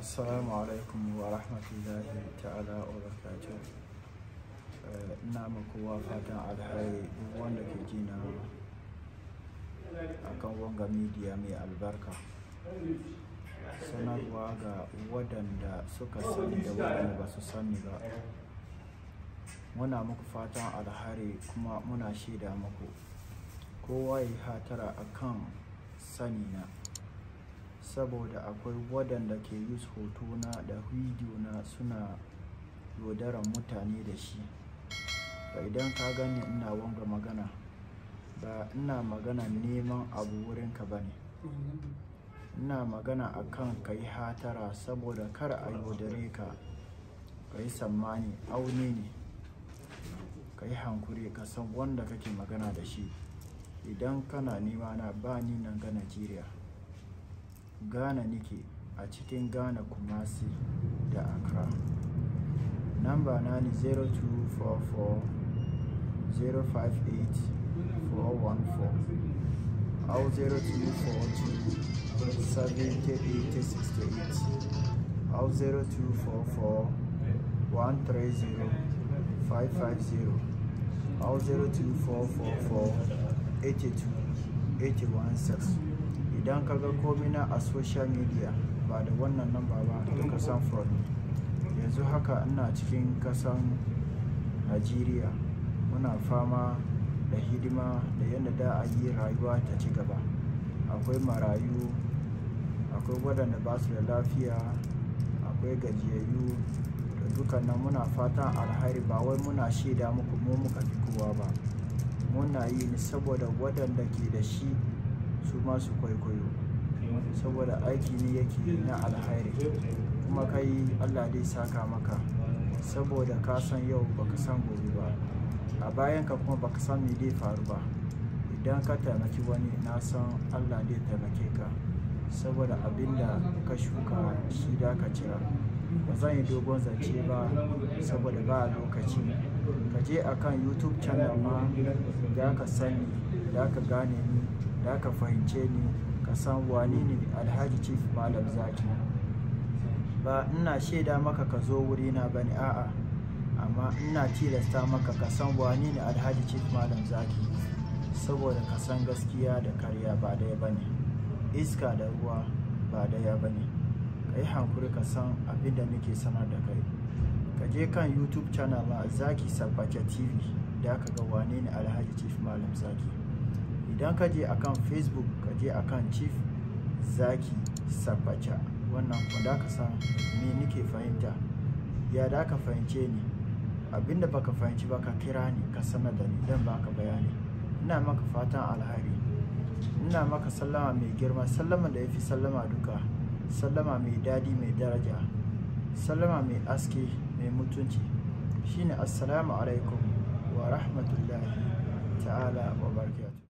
assalamu alaikum wa rahmatullahi ta'ala wa barakatuh eh, ina muku kowa fatan alheri duk wanda ke jina akan wanga midiya mai albarka sanarwa ga waɗanda suka sani da waɗanda ba su sani ba muna muku fatan alhari kuma muna shaida muku kowa ya hatara akan sani na saboda akwai waɗanda ke use hotona da na suna yaudaran mutane da shi ba idan ka gani ina wanga magana ba ina magana neman abu wurinka ba ne ina magana akan ka yi hatara saboda kar a yaudare ka ka yi sammani aune ne ka yi hankuri ka san wanda kake magana da shi idan kana nema na ba ni nan ga najeriya ghana nike a cikin ghana kumasi da accra namba na ni 0244-058-414 au 0242-78868 au 0244-130-550 au 02444 82 816 idan ka ga komina a social media ba da wannan namba ba da kasan fraud yanzu haka ina cikin kasan nigeria muna fama da hidima da yadda da a yi rayuwa ta ci gaba akwai marayu akwai waɗanda ba su da lafiya akwai gajiyayyu da dukkanin muna fatan alhari ba wai muna shaida muku mu muka fi kowa ba muna yi ne saboda waɗanda ke da shi ma su kwaikwayo saboda aiki ne yake na alhairi kuma kai allah dai saka maka saboda ka san yau baka san gobe ba a bayan ka kuma baka san me dai faru ba idan ka taimaki wani na san allah dai taimake ka saboda abinda ka shuka shi da ka cira ba zan yi dogon zance ba saboda ba lokaci ka je akan youtube channel ma da ka sani da ka gane ni da ka fahimce ni ka san wani ne alhaji chief malam zaki ba ina shaida maka ka zo wurina ba ne a'a amma ina tilasta maka ka san wani ne alhaji chief malam zaki saboda ka san gaskiya da karya ba daya ba ne iska da ruwa ba daya ba ne ka yi hankuri ka san abin da nake sanar da kai ka je kan youtube channel ma zaki sabbace tv da ka ga wane ne alhaji chief malam zaki idan ka je akan facebook ka je akan chief zaki sabacha wannan wanda ka san me nike fahimta ya da ka fahimce ni abinda baka fahimci ba ka kira ni ka sanar da ni dan baka bayani ina maka fatan alhari ina maka sallama mai girma sallama da yafi sallama duka sallama mai dadi mai daraja sallama mai aski mai mutunci shine assalamu alaikum wa rahmatullahi ta'ala wa barakatuh